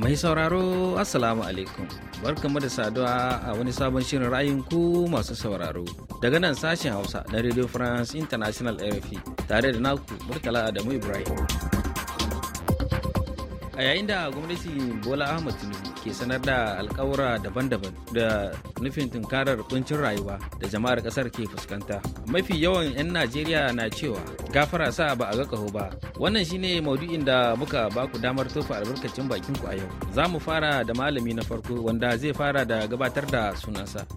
Mai sauraro Assalamu alaikum. Barkanmu da saduwa a wani sabon shirin ra'ayin ku masu sauraro. Daga nan sashen Hausa na Radio France International RFI tare da naku Murtala Adamu Ibrahim. A yayin da gwamnati Bola Ahmad Tinubu ke sanar da alkawura daban-daban da nufin tunkarar kuncin rayuwa da jama'ar kasar ke fuskanta mafi yawan 'yan najeriya na cewa gafara sa ba a ga kaho ba wannan shine maudu'in da muka baku damar tofa albarkacin bakin ku a yau za mu fara da malami na farko wanda zai fara da gabatar da sunansa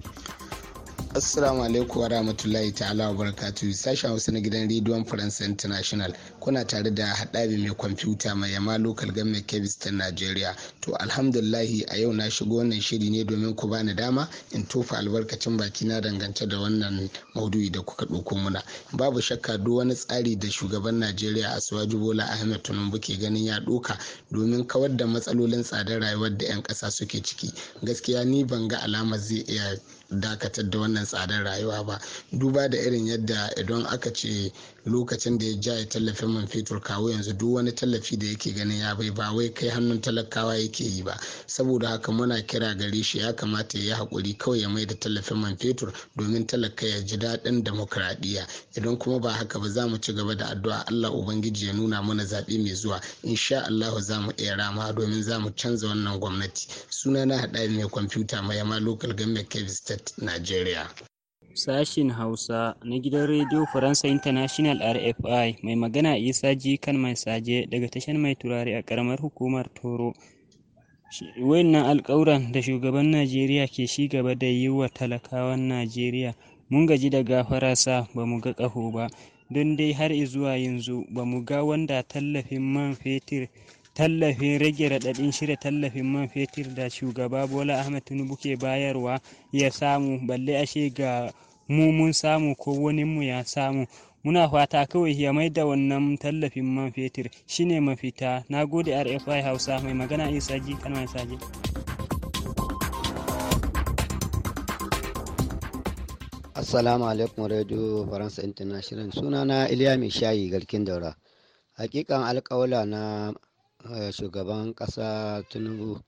Assalamu alaikum wa rahmatullahi ta'ala wa barakatuhu sashen Hausa na gidan rediyon France International. kuna tare da haɗabi mai kwamfuta mai yama local government kebis ta najeriya to alhamdulahi a yau na shigo wannan shiri ne domin ku bani dama in tofa albarkacin baki na dangance da wannan maudu'i da kuka ɗauko muna babu shakka duk wani tsari da shugaban najeriya suwaji bola ahmed tinubu ke ganin ya ɗoka domin kawar da matsalolin tsadar rayuwar da 'yan ƙasa suke ciki gaskiya ni ban ga alamar zai iya dakatar da wannan tsadar rayuwa ba duba da irin yadda idan aka ce lokacin da ya ya tallafin man fetur kawo yanzu duk wani tallafi da yake ganin ya bai ba wai kai hannun talakawa yake yi ba saboda haka muna kira gare shi ya kamata ya yi haƙuri kawai ya mai da tallafin man fetur domin talaka ya ji daɗin demokradiyya idan kuma ba haka ba za mu ci gaba da addu'a Allah ubangiji ya nuna mana zaɓe mai zuwa insha allahu za mu iya rama domin za mu canza wannan gwamnati suna sunana haɗari mai kwamfuta mai yama local government kebbi state nigeria sashen Hausa na Gidan Rediyo Faransa International RFI mai magana Isa Jikan Mai Saje daga tashar Mai Turare a ƙaramar hukumar Toro. Wayannan alƙawuran da shugaban Najeriya ke shi gaba da yi wa talakawan Najeriya mun gaji da gafararsa ba mu ga ƙaho ba, don dai har zuwa yanzu ba mu ga wanda tallafin man fetur tallafin rage raɗaɗin shirya tallafin man fetur da shugaba bola ahmed tinubu ke bayarwa ya samu balle ashe ga mu mun samu ko wani mu ya samu muna fata kawai ya mai da wannan tallafin man fetur shine mafita na gode rfi hausa mai magana isa ji kalmar saji assalamu alaikum radio faransa international sunana iliya mai shayi garkin daura hakikan alkawala na eh, shugaban kasa tinubu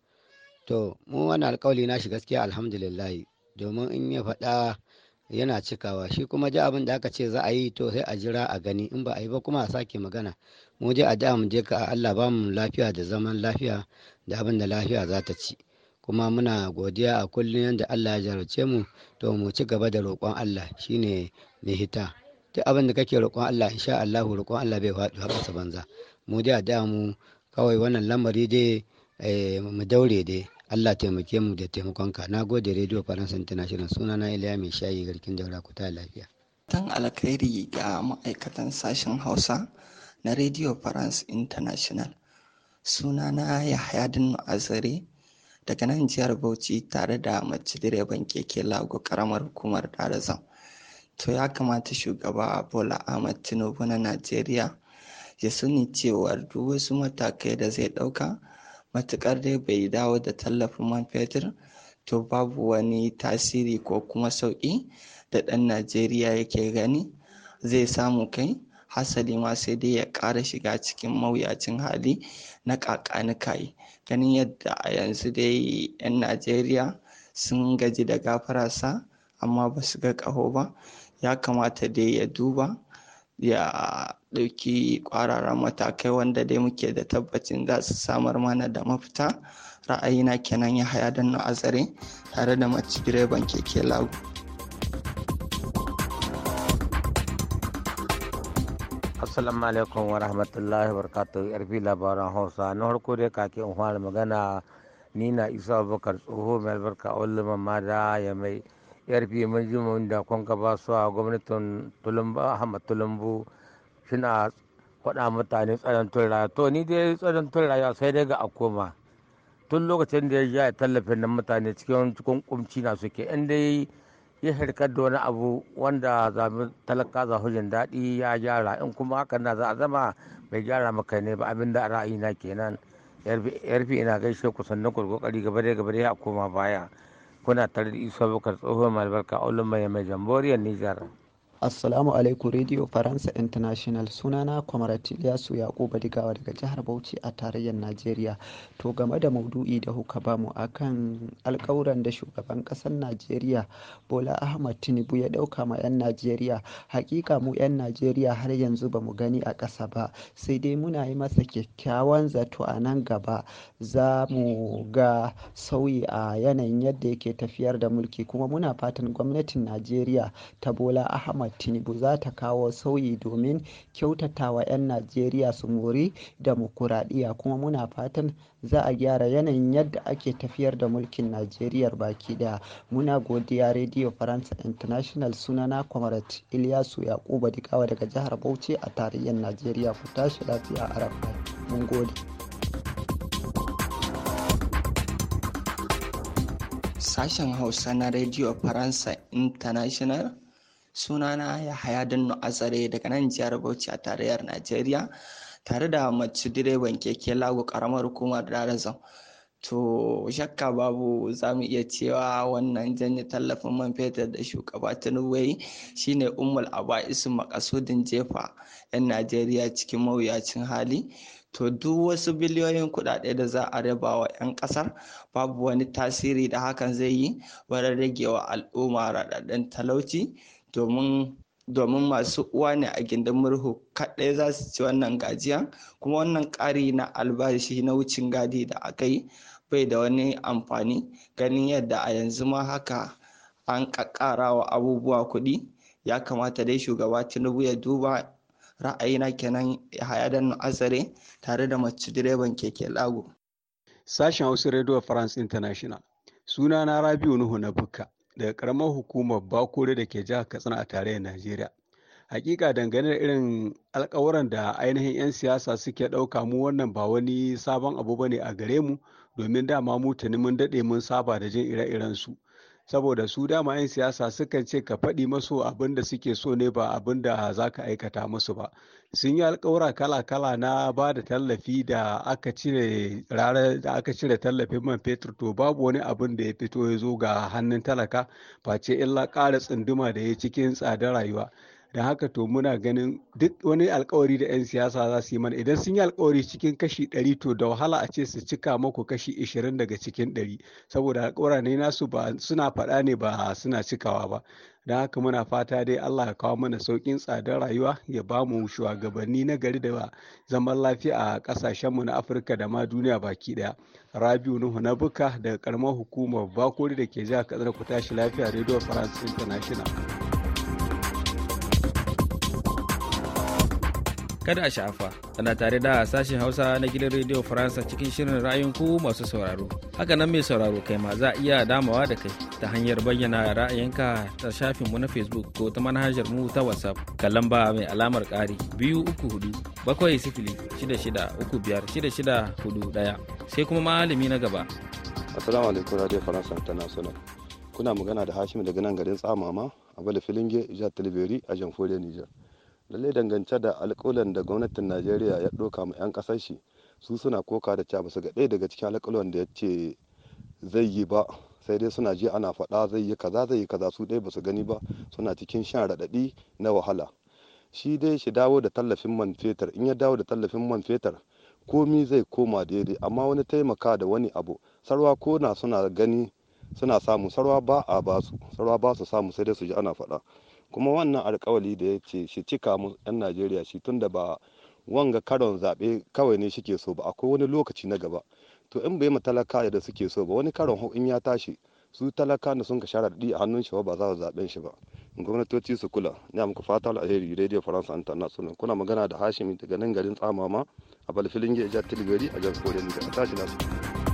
to mu wani alkawali na shi gaskiya alhamdulillahi domin in ya faɗa yana cikawa shi kuma ji abin da aka ce za a yi to sai a jira a gani in ba a yi ba kuma a sake magana mu je a da mu je ka Allah ba mu lafiya da zaman lafiya da abin da lafiya za ta ci kuma muna godiya a kullum yadda Allah ya jarace mu to mu ci gaba da roƙon Allah shine mai hita duk abin da kake roƙon Allah insha Allah roƙon Allah bai faɗi a ƙasa banza mu je a da mu kawai wannan lamari dai eh, mu daure dai Allah taimake mu da taimakonka na gode radio faransa international na Iliya mai shayi garkin jaura ku ta lafiya tan alkhairi ga ma'aikatan sashen Hausa na radio France international suna na Yahya Dinu Azare daga nan jihar Bauchi tare da mace direban keke Lago karamar hukumar darazan, to ya kamata shugaba Bola Ahmed Tinubu na Najeriya ya sani cewa duk wasu matakai da zai ɗauka matuƙar dai bai dawo da tallafin man fetur to babu wani tasiri ko kuma sauƙi da ɗan najeriya yake gani zai samu kai hasali ma sai dai ya ƙara shiga cikin mawuyacin hali na ƙaƙanikai ganin yadda a yanzu dai 'yan najeriya sun gaji da gafararsa amma ba su ga ƙaho ba ya kamata dai ya duba ya ɗauki ƙwararren matakai wanda dai muke da tabbacin za su samar mana da mafita ra'ayina kenan ya haya don azare tare da mace direban keke lagu. assalamu alaikum wa rahmatullahi barkatu yarfi labaran hausa na harko dai kake in fara magana ni na isa abubakar tsoho mai albarka a mamma da ya mai yarfi mun ji mun da kwan gaba su a gwamnatin tulumba ahmad tulumbu suna faɗa mutane tsanantun rayuwa to ni dai tsanantun rayuwa sai dai ga a koma tun lokacin da ya ja tallafin nan mutane cikin cikin kumci na suke in dai ya harkar da wani abu wanda mu talaka za hujin daɗi ya gyara in kuma hakan na za a zama bai gyara maka ne ba abin da na kenan yarfi ina gaishe ku sannan ku kokari gaba da gaba a koma baya kuna tare da isa bukar tsohon malbarka ulama mai jamboriyar nijar Assalamu alaikum Radio Faransa International sunana Kwamaratil Yasu Yakuba Digawa daga jihar Bauchi a tarayyar Najeriya. To game da maudu'i da kuka bamu akan alkawuran da shugaban ƙasar Najeriya Bola Ahmad Tinubu ya dauka ma 'yan Najeriya. Hakika mu 'yan Najeriya har yanzu ba mu gani a ƙasa ba sai dai muna yi masa kyakkyawan zato a nan gaba za mu ga sauyi a yanayin yadda yake tafiyar da mulki kuma muna fatan gwamnatin Najeriya ta Bola Ahmad Tinubu za ta kawo sauyi domin kyautatawa 'yan Najeriya su mori dimokuraɗiyya kuma muna fatan za a gyara yanayin yadda ake tafiyar da mulkin Najeriya baki ɗaya. Muna godiya Radio France International. na Comrade Ilyasu yakubu dikawa daga jihar Bauchi a tarayyar Najeriya. Ku tashi lafiya a Mun gode. Sashen Hausa na Radio Faransa International sunana haya danno azare daga nan jihar bauchi a tarayyar najeriya tare da mace direban keke lago karamar hukumar darazan to shakka babu za mu iya cewa wannan janye tallafin man fetur da shugaba tinubu shine shine ummul isu makasudin jefa 'yan najeriya cikin mawuyacin hali to duk wasu biliyoyin kuɗaɗe da za a raba wa 'yan ƙasar babu wani tasiri da hakan zai yi wajen ragewa al'umma raɗaɗɗen talauci domin masu uwa ne a gindin murhu kaɗai za su ci wannan gajiya kuma wannan ƙari na albashi na wucin gadi da aka yi bai da wani amfani ganin yadda a yanzu ma haka an ƙaƙƙara wa abubuwa kuɗi ya kamata dai shugaba tinubu ya duba ra'ayina kenan haya da azare tare da mace direban keke lago sashen hausa radio france international suna na rabiu nuhu na bukka daga karamar hukumar bakore da ke jihar katsina a tarayyar najeriya hakika dangane da irin alkawuran da ainihin 'yan siyasa suke ɗauka mu wannan ba wani sabon abu bane a gare mu domin dama mu tuni mun daɗe mun saba da jin ire-iren su saboda su dama 'yan siyasa sukan ce ka faɗi masu abin da suke so ne ba abin da za ka aikata musu ba sun yi alkawura kala-kala na ba da tallafi da aka cire rarar da aka cire tallafin man fetur to babu wani abin da ya fito ya zo ga hannun talaka face illa ƙara tsunduma da ya cikin tsadar rayuwa da haka to muna ganin duk wani alkawari da 'yan siyasa za su yi mana idan sun yi alkawari cikin kashi 100 to da wahala a ce su cika maku kashi 20 daga cikin 100 saboda alkawara ne nasu ba suna faɗa ne ba suna cikawa ba da haka muna fata dai Allah ya kawo mana saukin tsadar rayuwa ya ba mu shugabanni na gari da zaman lafiya a kasashenmu na Afirka da ma duniya baki ɗaya. Rabiu Nuhu na Buka daga karamar hukumar Bakori da ke jihar Katsina ku tashi lafiya Radio France International. kada a sha'afa tana tare da sashen hausa na gidan rediyo faransa cikin shirin ra'ayin ku masu sauraro haka nan mai sauraro kai ma za a iya damawa da kai ta hanyar bayyana ra'ayinka ta shafin mu na facebook ko ta manhajar mu ta whatsapp ka lamba mai alamar kari biyu uku hudu bakwai sifili shida shida uku biyar shida shida hudu ɗaya sai kuma malami na gaba. assalamu alaikum radio faransa international kuna magana da hashim daga nan garin tsamama a bala filinge jihar talibiri a jamhuriyar nijar. lalle dangance da alƙawuran da gwamnatin najeriya ya ɗauka ma 'yan ƙasar shi su suna koka da cewa basu ga ɗaya daga cikin alƙawuran da ya ce zai yi ba sai dai suna ji ana faɗa zai yi kaza zai yi kaza su ɗaya basu gani ba suna cikin shan raɗaɗi na wahala shi dai shi dawo da tallafin man fetur in ya dawo da tallafin man fetur komi zai koma daidai amma wani taimaka da wani abu sarwa ko suna gani suna samu sarwa ba a basu sarwa ba su samu sai dai su ji ana faɗa kuma wannan alkawali da ya ce shi cika mu 'yan najeriya shi tun da ba wanga karon zaɓe kawai ne shike so ba akwai wani lokaci na gaba to in bai talaka da suke so ba wani karon in ya tashi su talaka da sun ka share da a hannun shi ba za su zaɓen shi ba gwamnatoci su kula ina muku fata alheri radio faransa international kuna magana da hashimi daga nan garin tsamama a balfilin gejar tilgari a jan koren da tashi nasu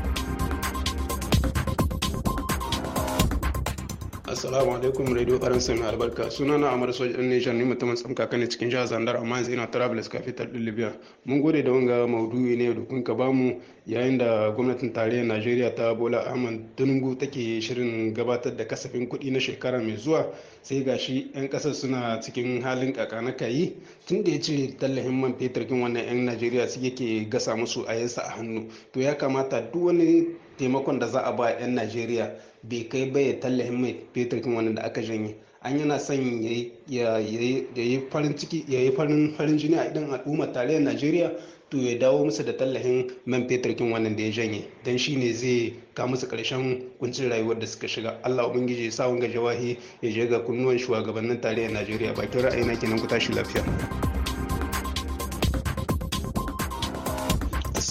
assalamu alaikum radio faransa mai albarka suna na amar sojan nation ni mutumin tsamka ne cikin jihar zandar amma yanzu ina travelers capital din libya mun gode da wanga maudu'i ne da kun ka bamu yayin da gwamnatin tarayyar najeriya ta bola ahmad tinubu take shirin gabatar da kasafin kuɗi na shekara mai zuwa sai gashi yan kasar suna cikin halin na kayi tun da ya ce tallafin man fetur kin wannan yan najeriya su yake gasa musu a yansa a hannu to ya kamata duk wani taimakon da za a ba 'yan najeriya bai kai ba ya tallahin mai feturkin wani da aka janye an yana son ya yi farin ciki farin jini a idan al'ummar tarayyar najeriya to ya dawo musu da tallahin man fetur kin wannan da ya janye don shi ne zai ka musu karshen kuncin rayuwar da suka shiga allah ubangiji ya sa wanga jawahi ya je ga kunnuwan shugabannin tarayyar najeriya bakin ra'ayi na kenan ku tashi lafiya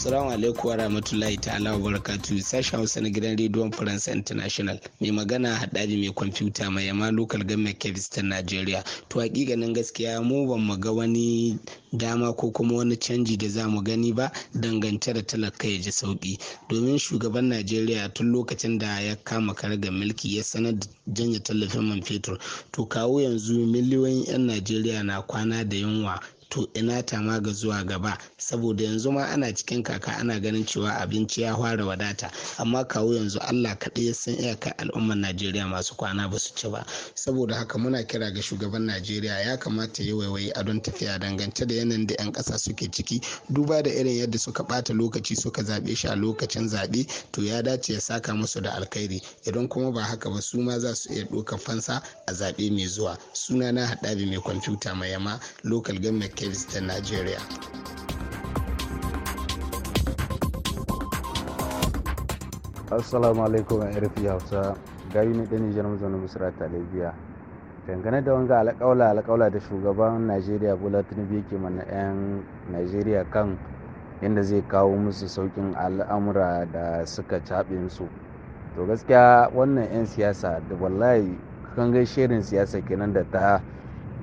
Assalamu alaikum wa rahmatullahi ta'ala wa barakatu sashen Hausa na gidan rediyon Faransa International. Mai magana haɗari mai kwamfuta mai yama local government kebis ta Najeriya. To hakikanin gaskiya mu ban mu ga wani dama ko kuma wani canji da za mu gani ba dangance da talaka ya ji sauki domin shugaban najeriya tun lokacin da ya kama ga mulki ya sanar da janye tallafin man fetur to kawo yanzu miliyoyin 'yan najeriya na kwana da yunwa to ina ta ma ga zuwa gaba saboda yanzu ma ana cikin kaka ana ganin cewa abinci ya fara wadata amma kawo yanzu Allah kaɗai ya san iyakar al'ummar Najeriya masu kwana ba su ci ba saboda haka muna kira ga shugaban Najeriya ya kamata ya waiwayi a don tafiya dangance da yanayin da 'yan ƙasa suke ciki duba da irin yadda suka ɓata lokaci suka zaɓe shi a lokacin zaɓe to ya dace ya saka musu da alkhairi idan kuma ba haka ba su ma za su iya ɗaukar fansa a zaɓe mai zuwa Suna sunana haɗabi mai kwamfuta mai yama local government Kebbi ta Najeriya. Assalamu alaikum a Hausa, gari ne ɗani Nijar mazauna Misra ta Libya. Dangane da wanga alƙaula alƙaula da shugaban Najeriya Bola Tinubu yake mana 'yan Najeriya kan yadda zai kawo musu saukin al'amura da suka caɓe su. To gaskiya wannan 'yan siyasa da wallahi kan shirin siyasa kenan da ta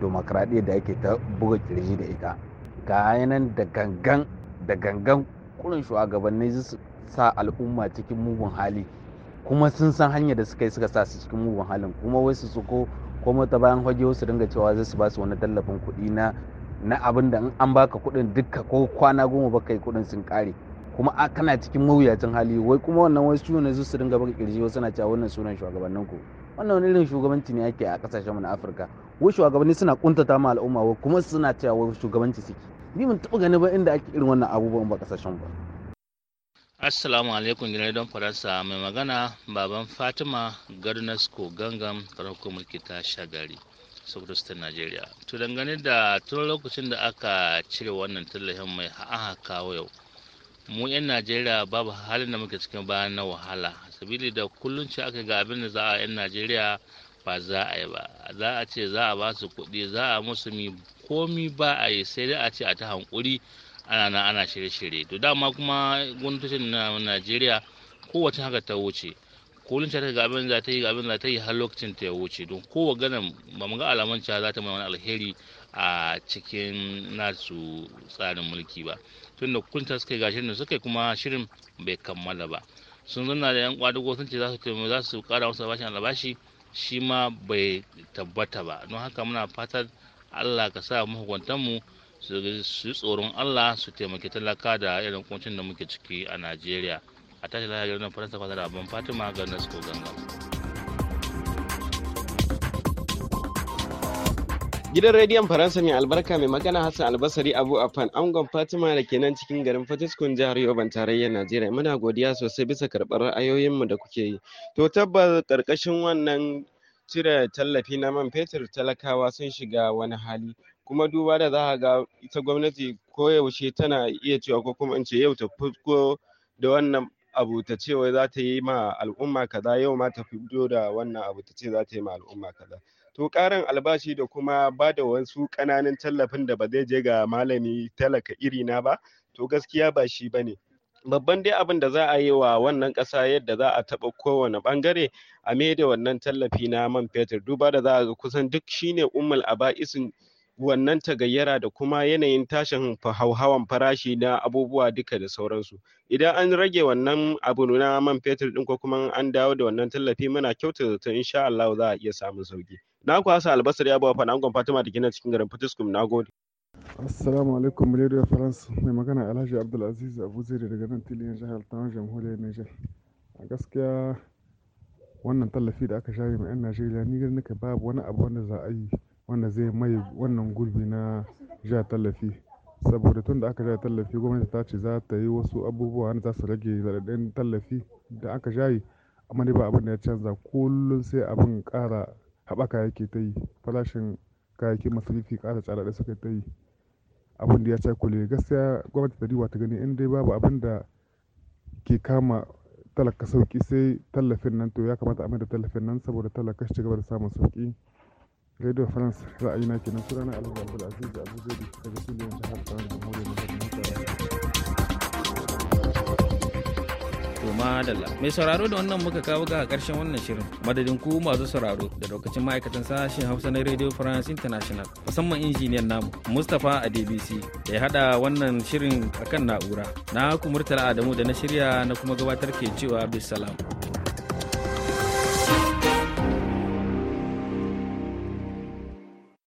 demokradiyya da ake ta buga kirji da ita ga yanan da gangan da gangan kurin shugabanni su sa al'umma cikin mugun hali kuma sun san hanyar da suka yi suka sa su cikin mugun halin kuma wai su ko kuma ta bayan hajjo su dinga cewa zai su ba su wani tallafin kuɗi na na abin da an baka kuɗin dukka ko kwana goma baka yi kuɗin sun ƙare kuma a kana cikin mawuyacin hali wai kuma wannan wai su ne su dinga baka kirji wasu na cewa wannan sunan shugabannin ku wannan wani irin shugabanci ne ake a kasashen mu na Afirka wai shugabanni suna kuntata ma al'umma wai kuma suna cewa wai shugabanci suke ni ban taɓa gani ba inda ake irin wannan abubuwan ba kasashen ba assalamu alaikum gina don faransa mai magana baban fatima garnasko gangan karnakon mulki ta shagari sokoto state nigeria to dangane da tun lokacin da aka cire wannan tallafin mai ha'aha kawo yau mu 'yan najeriya babu halin da muke cikin bayan na wahala sabili da kullum ce aka ga abin da za a 'yan najeriya ba za a yi ba za a ce za a ba su kuɗi za a musu mi komi ba a yi sai dai a ce a ta hankuri ana na ana shirye-shirye to dama kuma gwamnatocin na najeriya kowace haka ta wuce kullum ta ga abin za ta yi abin za ta yi har lokacin ta ya wuce don kowa ganin ba mu ga alaman cewa za ta mai wani alheri a cikin nasu tsarin mulki ba tun da kunta suka yi gashirin da suka yi kuma shirin bai kammala ba sun zanna da yan kwadugo sun ce za su kara masa albashin albashi shi ma bai tabbata ba don haka muna fatar allah ka sa mu su tsoron allah su taimaki talaka da irin kuncin da muke ciki a najeriya a tashi lafiya garin faransa fatar abin fatima ga nasko ganga Gidan rediyon Faransa mai albarka mai magana Hassan Albasari Abu Afan angon Fatima da ke nan cikin garin Fatiskun jihar Yoban tarayyar Najeriya muna godiya sosai bisa karɓar ra'ayoyinmu da kuke yi. To tabbas ƙarƙashin wannan cire tallafi na man fetur talakawa sun shiga wani hali kuma duba da za a ga ta gwamnati koyaushe tana iya cewa ko kuma in ce yau ta fusko da wannan abu ta ce wai za ta yi ma al'umma kaza yau ma ta fito da wannan abu ta ce za ta yi ma al'umma kaza to ƙarin albashi da kuma ba da wasu ƙananan tallafin da ba zai je ga malami talaka iri na ba to gaskiya ba shi ba ne babban dai abin da za a yi wa wannan ƙasa yadda za a taɓa kowane ɓangare a da wannan tallafi na man fetur duba da za a ga kusan duk shine ummul aba'isin wannan tagayyara da kuma yanayin tashin hauhawan farashi na abubuwa duka da sauransu idan an rage wannan abu na man fetur ɗin ko kuma an dawo da wannan tallafi muna kyautata insha Allah za a iya samun sauki Na ku Hassan Albasar ya bawa angon Fatima da gina cikin garin Fatiskum na gode. Assalamu alaikum Radio France mai magana Alhaji Abdulaziz Abu Zaidi daga nan tilin jihar Tano jamhuriyar Niger. A gaskiya wannan tallafi da aka shafe mai 'yan Najeriya ni ganin nake babu wani abu wanda za a yi wanda zai mai wannan gurbi na jihar tallafi saboda tun da aka ja tallafi gwamnati ta ce za ta yi wasu abubuwa wanda za su rage zaɗaɗɗen tallafi da aka shayi amma dai ba abin da ya canza kullum sai abin ƙara haɓaka yake ta yi. Farashin kayayyakin masarufi ƙara tsadada suka ta yi. Abun da ya cakule gaskiya gwamnati ta duba ta gani in dai babu abin da ke kama talaka sauƙi sai tallafin nan to ya kamata a maida tallafin nan saboda talaka shi cigaba da samun sauƙi. Radio France ra'ayi na kenan sunana Alhaji Abdul da Abu Zaidi daga Suleja jihar Taraba. madalla mai sauraro da wannan muka kawo ga karshen wannan shirin madadin ku masu sauraro da lokacin ma'aikatan sashen hausa na radio france international musamman injiniyan namu mustapha a dbc da ya hada wannan shirin akan na'ura na ku murtala adamu da na shirya na kuma gabatar ke cewa bisalam